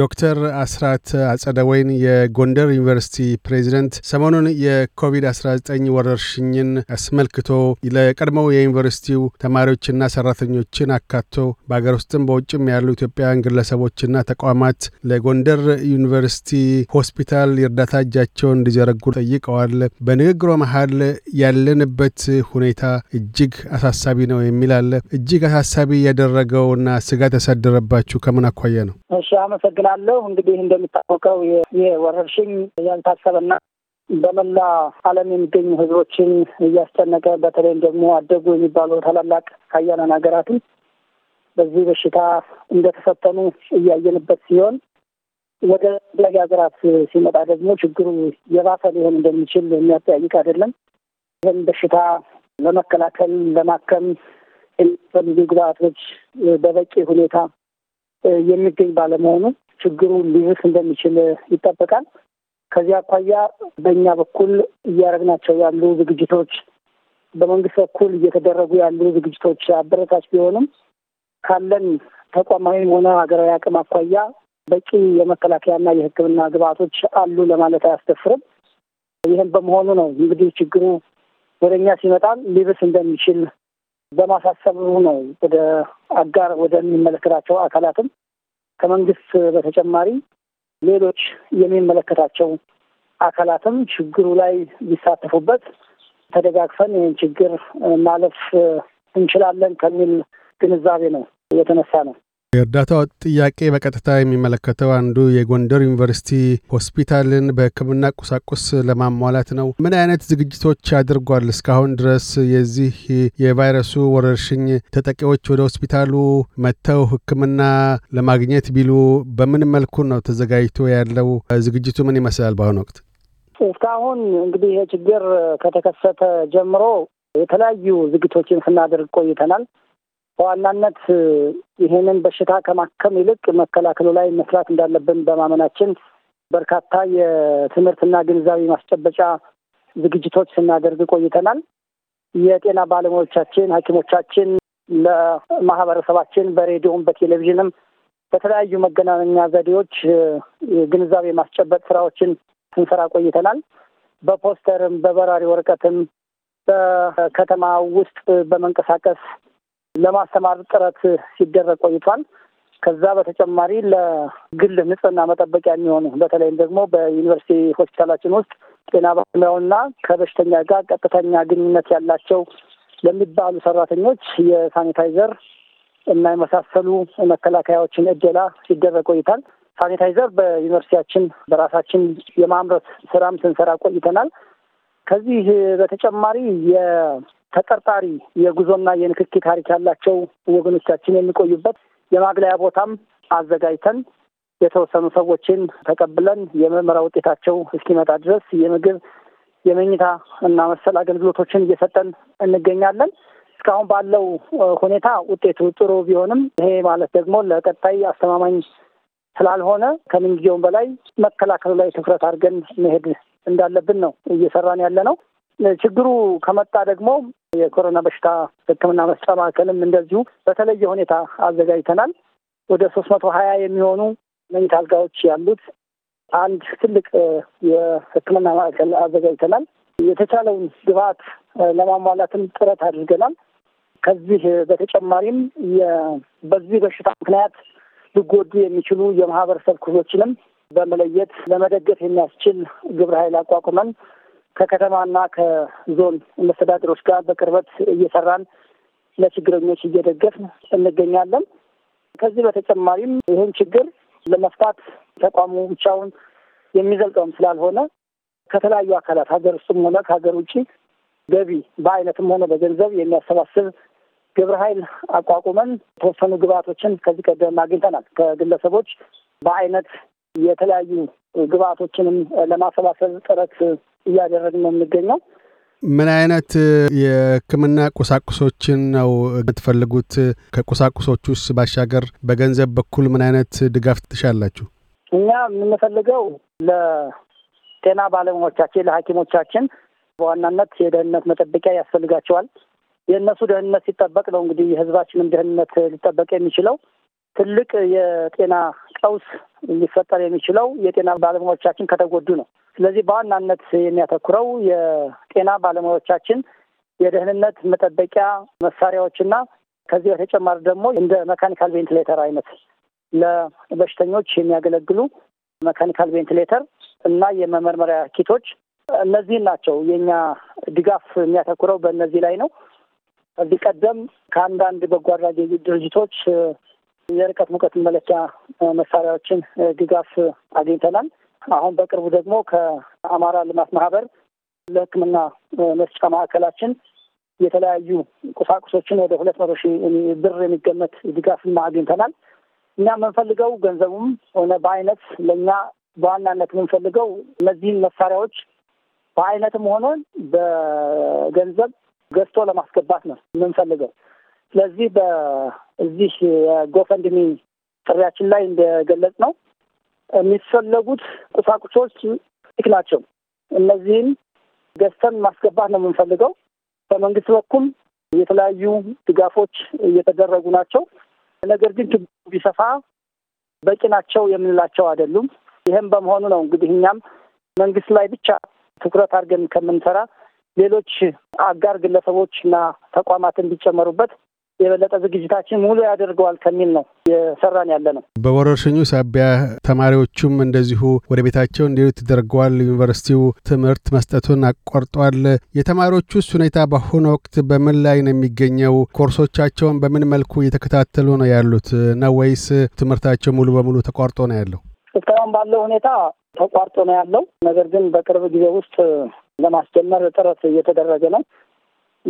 ዶክተር አስራት አጸደወይን የጎንደር ዩኒቨርሲቲ ፕሬዚደንት፣ ሰሞኑን የኮቪድ-19 ወረርሽኝን አስመልክቶ ለቀድሞው የዩኒቨርሲቲው ተማሪዎችና ሰራተኞችን አካቶ በሀገር ውስጥም በውጭም ያሉ ኢትዮጵያውያን ግለሰቦችና ተቋማት ለጎንደር ዩኒቨርሲቲ ሆስፒታል የእርዳታ እጃቸውን እንዲዘረጉ ጠይቀዋል። በንግግሮ መሀል ያለንበት ሁኔታ እጅግ አሳሳቢ ነው የሚል አለ። እጅግ አሳሳቢ ያደረገውና ስጋት ያሳደረባችሁ ከምን አኳያ ነው? አመሰግናለሁ። እንግዲህ እንደሚታወቀው የወረርሽኝ ወረርሽኝ ያልታሰበና በመላ ዓለም የሚገኙ ህዝቦችን እያስጨነቀ በተለይም ደግሞ አደጉ የሚባሉ ታላላቅ ሀያላን ሀገራትን በዚህ በሽታ እንደተፈተኑ እያየንበት ሲሆን ወደ ታዳጊ ሀገራት ሲመጣ ደግሞ ችግሩ የባሰ ሊሆን እንደሚችል የሚያጠያይቅ አይደለም። ይህን በሽታ ለመከላከል ለማከም የሚፈልጉ ግብአቶች በበቂ ሁኔታ የሚገኝ ባለመሆኑ ችግሩ ሊብስ እንደሚችል ይጠበቃል። ከዚህ አኳያ በእኛ በኩል እያደረግናቸው ያሉ ዝግጅቶች፣ በመንግስት በኩል እየተደረጉ ያሉ ዝግጅቶች አበረታች ቢሆንም ካለን ተቋማዊ ሆነ ሀገራዊ አቅም አኳያ በቂ የመከላከያና የሕክምና ግብአቶች አሉ ለማለት አያስደፍርም። ይህም በመሆኑ ነው እንግዲህ ችግሩ ወደ እኛ ሲመጣም ሊብስ እንደሚችል በማሳሰብ ነው ወደ አጋር ወደሚመለከታቸው አካላትም ከመንግስት በተጨማሪ ሌሎች የሚመለከታቸው አካላትም ችግሩ ላይ ቢሳተፉበት ተደጋግፈን ይህን ችግር ማለፍ እንችላለን ከሚል ግንዛቤ ነው የተነሳ ነው። የእርዳታው ጥያቄ በቀጥታ የሚመለከተው አንዱ የጎንደር ዩኒቨርሲቲ ሆስፒታልን በሕክምና ቁሳቁስ ለማሟላት ነው። ምን አይነት ዝግጅቶች አድርጓል? እስካሁን ድረስ የዚህ የቫይረሱ ወረርሽኝ ተጠቂዎች ወደ ሆስፒታሉ መጥተው ሕክምና ለማግኘት ቢሉ በምን መልኩ ነው ተዘጋጅቶ ያለው? ዝግጅቱ ምን ይመስላል በአሁኑ ወቅት? እስካሁን እንግዲህ ይህ ችግር ከተከሰተ ጀምሮ የተለያዩ ዝግጅቶችን ስናደርግ ቆይተናል። በዋናነት ይህንን በሽታ ከማከም ይልቅ መከላከሉ ላይ መስራት እንዳለብን በማመናችን በርካታ የትምህርትና ግንዛቤ ማስጨበጫ ዝግጅቶች ስናደርግ ቆይተናል። የጤና ባለሙያዎቻችን፣ ሐኪሞቻችን ለማህበረሰባችን በሬዲዮም በቴሌቪዥንም በተለያዩ መገናኛ ዘዴዎች ግንዛቤ ማስጨበጥ ስራዎችን ስንሰራ ቆይተናል። በፖስተርም በበራሪ ወረቀትም በከተማ ውስጥ በመንቀሳቀስ ለማስተማር ጥረት ሲደረግ ቆይቷል። ከዛ በተጨማሪ ለግል ንጽህና መጠበቂያ የሚሆኑ በተለይም ደግሞ በዩኒቨርሲቲ ሆስፒታላችን ውስጥ ጤና ባለሙያውና ከበሽተኛ ጋር ቀጥተኛ ግንኙነት ያላቸው ለሚባሉ ሰራተኞች የሳኒታይዘር እና የመሳሰሉ መከላከያዎችን እደላ ሲደረግ ቆይታል። ሳኒታይዘር በዩኒቨርሲቲያችን በራሳችን የማምረት ስራም ስንሰራ ቆይተናል። ከዚህ በተጨማሪ ተጠርጣሪ የጉዞና የንክኪ ታሪክ ያላቸው ወገኖቻችን የሚቆዩበት የማግለያ ቦታም አዘጋጅተን የተወሰኑ ሰዎችን ተቀብለን የምርመራ ውጤታቸው እስኪመጣ ድረስ የምግብ የመኝታ እና መሰል አገልግሎቶችን እየሰጠን እንገኛለን። እስካሁን ባለው ሁኔታ ውጤቱ ጥሩ ቢሆንም ይሄ ማለት ደግሞ ለቀጣይ አስተማማኝ ስላልሆነ ከምንጊዜውም በላይ መከላከሉ ላይ ትኩረት አድርገን መሄድ እንዳለብን ነው እየሰራን ያለ ነው። ችግሩ ከመጣ ደግሞ የኮሮና በሽታ ሕክምና መስጫ ማዕከልም እንደዚሁ በተለየ ሁኔታ አዘጋጅተናል። ወደ ሶስት መቶ ሀያ የሚሆኑ መኝታ አልጋዎች ያሉት አንድ ትልቅ የሕክምና ማዕከል አዘጋጅተናል። የተቻለውን ግብዓት ለማሟላትም ጥረት አድርገናል። ከዚህ በተጨማሪም በዚህ በሽታ ምክንያት ሊጎዱ የሚችሉ የማህበረሰብ ክፍሎችንም በመለየት ለመደገፍ የሚያስችል ግብረ ኃይል አቋቁመን ከከተማና ከዞን መስተዳድሮች ጋር በቅርበት እየሰራን ለችግረኞች እየደገፍን እንገኛለን። ከዚህ በተጨማሪም ይህን ችግር ለመፍታት ተቋሙ ብቻውን የሚዘልቀውም ስላልሆነ ከተለያዩ አካላት ሀገር ውስጥም ሆነ ከሀገር ውጭ ገቢ በአይነትም ሆነ በገንዘብ የሚያሰባስብ ግብረ ኃይል አቋቁመን የተወሰኑ ግብአቶችን ከዚህ ቀደም አግኝተናል። ከግለሰቦች በአይነት የተለያዩ ግብአቶችንም ለማሰባሰብ ጥረት እያደረግን ነው የሚገኘው። ምን አይነት የሕክምና ቁሳቁሶችን ነው የምትፈልጉት? ከቁሳቁሶቹስ ባሻገር በገንዘብ በኩል ምን አይነት ድጋፍ ትሻላችሁ? እኛ የምንፈልገው ለጤና ባለሙያዎቻችን፣ ለሐኪሞቻችን በዋናነት የደህንነት መጠበቂያ ያስፈልጋቸዋል። የእነሱ ደህንነት ሲጠበቅ ነው እንግዲህ የህዝባችንም ደህንነት ሊጠበቅ የሚችለው። ትልቅ የጤና ቀውስ ሊፈጠር የሚችለው የጤና ባለሙያዎቻችን ከተጎዱ ነው። ስለዚህ በዋናነት የሚያተኩረው የጤና ባለሙያዎቻችን የደህንነት መጠበቂያ መሳሪያዎችና ከዚህ በተጨማሪ ደግሞ እንደ መካኒካል ቬንቲሌተር አይነት ለበሽተኞች የሚያገለግሉ መካኒካል ቬንቲሌተር እና የመመርመሪያ ኪቶች እነዚህን ናቸው። የእኛ ድጋፍ የሚያተኩረው በእነዚህ ላይ ነው። ከዚህ ቀደም ከአንዳንድ በጎ አድራጊ ድርጅቶች የርቀት ሙቀት መለኪያ መሳሪያዎችን ድጋፍ አግኝተናል። አሁን በቅርቡ ደግሞ ከአማራ ልማት ማህበር ለሕክምና መስጫ ማዕከላችን የተለያዩ ቁሳቁሶችን ወደ ሁለት መቶ ሺህ ብር የሚገመት ድጋፍ አግኝተናል። እኛ የምንፈልገው ገንዘቡም ሆነ በአይነት ለእኛ በዋናነት የምንፈልገው እነዚህን መሳሪያዎች በአይነትም ሆነ በገንዘብ ገዝቶ ለማስገባት ነው የምንፈልገው። ስለዚህ እዚህ የጎፈንድሚ ጥሪያችን ላይ እንደገለጽ ነው የሚፈለጉት ቁሳቁሶች ጥቂት ናቸው። እነዚህም ገዝተን ማስገባት ነው የምንፈልገው። በመንግስት በኩል የተለያዩ ድጋፎች እየተደረጉ ናቸው። ነገር ግን ችግሩ ቢሰፋ በቂ ናቸው የምንላቸው አይደሉም። ይህም በመሆኑ ነው እንግዲህ እኛም መንግስት ላይ ብቻ ትኩረት አድርገን ከምንሰራ ሌሎች አጋር ግለሰቦች እና ተቋማትን ቢጨመሩበት የበለጠ ዝግጅታችን ሙሉ ያደርገዋል ከሚል ነው የሰራን ያለ ነው። በወረርሽኙ ሳቢያ ተማሪዎቹም እንደዚሁ ወደ ቤታቸው እንዲሄዱ ተደርገዋል። ዩኒቨርሲቲው ትምህርት መስጠቱን አቋርጧል። የተማሪዎቹስ ሁኔታ በአሁኑ ወቅት በምን ላይ ነው የሚገኘው? ኮርሶቻቸውን በምን መልኩ እየተከታተሉ ነው ያሉት ነው ወይስ ትምህርታቸው ሙሉ በሙሉ ተቋርጦ ነው ያለው? እስካሁን ባለው ሁኔታ ተቋርጦ ነው ያለው። ነገር ግን በቅርብ ጊዜ ውስጥ ለማስጀመር ጥረት እየተደረገ ነው።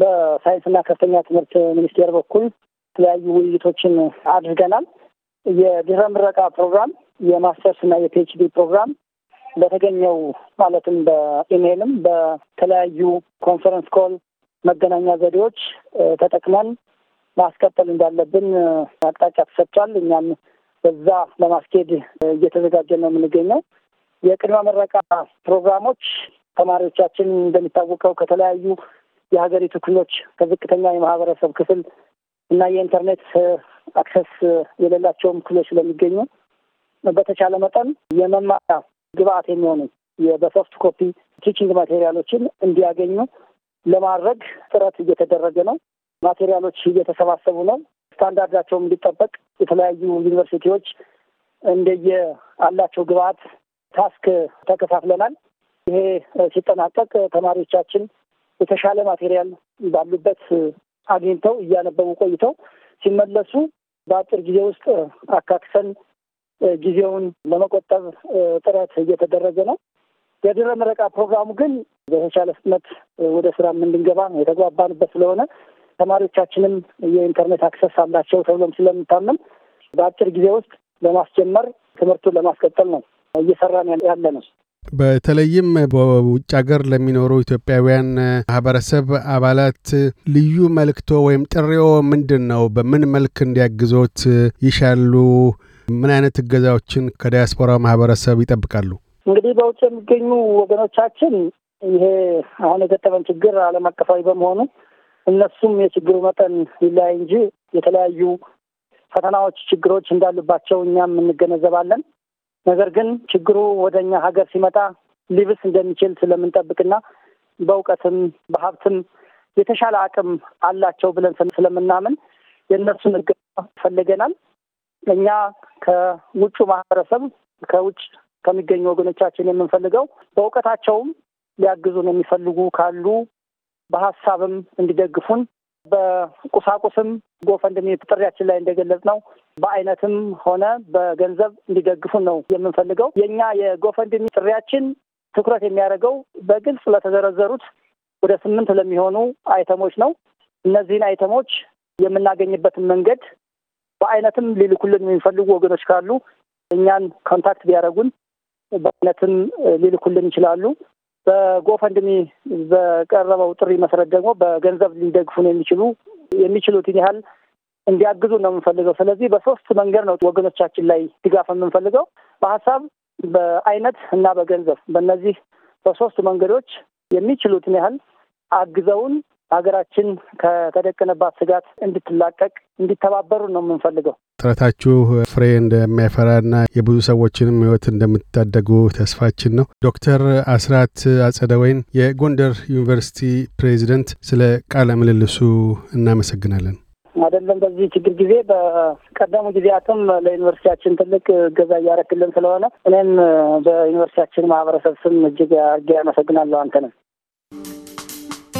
በሳይንስና ከፍተኛ ትምህርት ሚኒስቴር በኩል የተለያዩ ውይይቶችን አድርገናል። የድህረ ምረቃ ፕሮግራም፣ የማስተርስ እና የፒኤችዲ ፕሮግራም በተገኘው ማለትም በኢሜይልም በተለያዩ ኮንፈረንስ ኮል መገናኛ ዘዴዎች ተጠቅመን ማስቀጠል እንዳለብን አቅጣጫ ተሰጥቷል። እኛም በዛ ለማስኬድ እየተዘጋጀ ነው የምንገኘው። የቅድመ ምረቃ ፕሮግራሞች ተማሪዎቻችን እንደሚታወቀው ከተለያዩ የሀገሪቱ ክፍሎች ከዝቅተኛ የማህበረሰብ ክፍል እና የኢንተርኔት አክሰስ የሌላቸውም ክፍሎች ስለሚገኙ በተቻለ መጠን የመማሪያ ግብአት የሚሆኑ በሶፍት ኮፒ ቲችንግ ማቴሪያሎችን እንዲያገኙ ለማድረግ ጥረት እየተደረገ ነው። ማቴሪያሎች እየተሰባሰቡ ነው። ስታንዳርዳቸውም እንዲጠበቅ የተለያዩ ዩኒቨርሲቲዎች እንደየ አላቸው ግብአት ታስክ ተከፋፍለናል። ይሄ ሲጠናቀቅ ተማሪዎቻችን የተሻለ ማቴሪያል ባሉበት አግኝተው እያነበቡ ቆይተው ሲመለሱ በአጭር ጊዜ ውስጥ አካክሰን ጊዜውን ለመቆጠብ ጥረት እየተደረገ ነው። የድህረ ምረቃ ፕሮግራሙ ግን በተቻለ ፍጥነት ወደ ስራ እንድንገባ የተግባባንበት ስለሆነ ተማሪዎቻችንም የኢንተርኔት አክሰስ አላቸው ተብሎም ስለምታመን በአጭር ጊዜ ውስጥ ለማስጀመር ትምህርቱን ለማስቀጠል ነው እየሰራን ያለ ነው። በተለይም በውጭ ሀገር ለሚኖሩ ኢትዮጵያውያን ማህበረሰብ አባላት ልዩ መልክቶ ወይም ጥሪዎ ምንድን ነው? በምን መልክ እንዲያግዞት ይሻሉ? ምን አይነት እገዛዎችን ከዲያስፖራ ማህበረሰብ ይጠብቃሉ? እንግዲህ በውጭ የሚገኙ ወገኖቻችን ይሄ አሁን የገጠመን ችግር ዓለም አቀፋዊ በመሆኑ እነሱም የችግሩ መጠን ይለያይ እንጂ የተለያዩ ፈተናዎች፣ ችግሮች እንዳሉባቸው እኛም እንገነዘባለን። ነገር ግን ችግሩ ወደ እኛ ሀገር ሲመጣ ሊብስ እንደሚችል ስለምንጠብቅና በእውቀትም በሀብትም የተሻለ አቅም አላቸው ብለን ስለምናምን የእነሱን እገዛ ፈልገናል። እኛ ከውጩ ማህበረሰብ ከውጭ ከሚገኙ ወገኖቻችን የምንፈልገው በእውቀታቸውም ሊያግዙን የሚፈልጉ ካሉ በሀሳብም እንዲደግፉን በቁሳቁስም ጎፈንድሚ ጥሪያችን ላይ እንደገለጽ ነው በአይነትም ሆነ በገንዘብ እንዲደግፉን ነው የምንፈልገው። የእኛ የጎፈንድሚ ጥሪያችን ትኩረት የሚያደርገው በግልጽ ለተዘረዘሩት ወደ ስምንት ለሚሆኑ አይተሞች ነው። እነዚህን አይተሞች የምናገኝበትን መንገድ በአይነትም ሊልኩልን የሚፈልጉ ወገኖች ካሉ እኛን ኮንታክት ቢያደርጉን በአይነትም ሊልኩልን ይችላሉ። በጎፈንድሚ በቀረበው ጥሪ መሰረት ደግሞ በገንዘብ ሊደግፉን የሚችሉ የሚችሉትን ያህል እንዲያግዙ ነው የምንፈልገው። ስለዚህ በሶስት መንገድ ነው ወገኖቻችን ላይ ድጋፍ የምንፈልገው፣ በሀሳብ፣ በአይነት እና በገንዘብ። በእነዚህ በሶስት መንገዶች የሚችሉትን ያህል አግዘውን ሀገራችን ከተደቀነባት ስጋት እንድትላቀቅ እንዲተባበሩ ነው የምንፈልገው። ጥረታችሁ ፍሬ እንደሚያፈራና የብዙ ሰዎችንም ሕይወት እንደምትታደጉ ተስፋችን ነው። ዶክተር አስራት አጸደወይን የጎንደር ዩኒቨርሲቲ ፕሬዚደንት፣ ስለ ቃለ ምልልሱ እናመሰግናለን። አይደለም በዚህ ችግር ጊዜ በቀደሙ ጊዜያትም ለዩኒቨርሲቲያችን ትልቅ ገዛ እያረክልን ስለሆነ እኔም በዩኒቨርሲቲያችን ማህበረሰብ ስም እጅግ አድርጌ አመሰግናለሁ አንተንም።